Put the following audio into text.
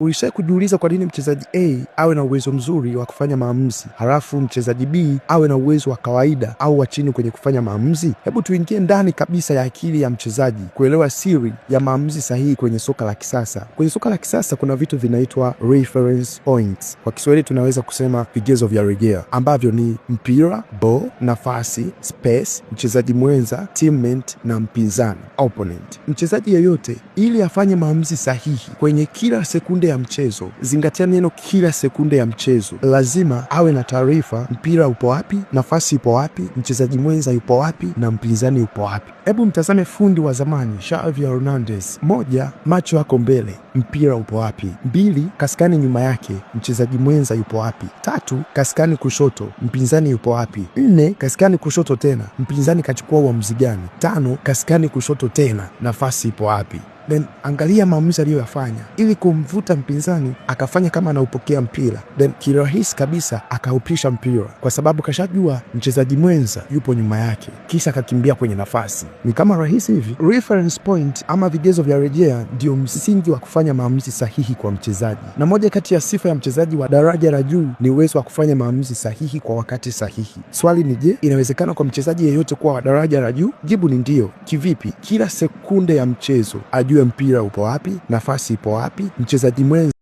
Ulishawahi kujiuliza kwa nini mchezaji A awe na uwezo mzuri wa kufanya maamuzi halafu mchezaji B awe na uwezo wa kawaida au wa chini kwenye kufanya maamuzi? Hebu tuingie ndani kabisa ya akili ya mchezaji kuelewa siri ya maamuzi sahihi kwenye soka la kisasa. Kwenye soka la kisasa kuna vitu vinaitwa reference points, kwa Kiswahili tunaweza kusema vigezo vya rejea, ambavyo ni mpira, ball, nafasi, space, mchezaji mwenza, teammate na mpinzani opponent. Mchezaji yeyote ili afanye maamuzi sahihi kwenye kila sekunde ya mchezo, zingatia neno kila sekunde ya mchezo. Lazima awe na taarifa, mpira upo wapi, nafasi ipo wapi, mchezaji mwenza yupo wapi na mpinzani yupo wapi. Hebu mtazame fundi wa zamani Xavi Hernandez. Moja, macho yako mbele, mpira upo wapi? Mbili, kaskani nyuma yake, mchezaji mwenza yupo wapi? Tatu, kaskani kushoto, mpinzani yupo wapi? Nne, kaskani kushoto tena, mpinzani kachukua uamuzi gani? Tano, kaskani kushoto tena, nafasi ipo wapi? then angalia maamuzi aliyoyafanya ili kumvuta mpinzani, akafanya kama anaupokea mpira, then kirahisi kabisa akaupisha mpira, kwa sababu kashajua mchezaji mwenza yupo nyuma yake, kisha akakimbia kwenye nafasi. Ni kama rahisi hivi. Reference point ama vigezo vya rejea ndio msingi wa kufanya maamuzi sahihi kwa mchezaji, na moja kati ya sifa ya mchezaji wa daraja la juu ni uwezo wa kufanya maamuzi sahihi kwa wakati sahihi. Swali ni je, inawezekana kwa mchezaji yeyote kuwa wa daraja la juu? Jibu ni ndio Kivipi? Kila sekunde ya mchezo ajue mpira upo wapi, nafasi ipo wapi, mchezaji mwenzi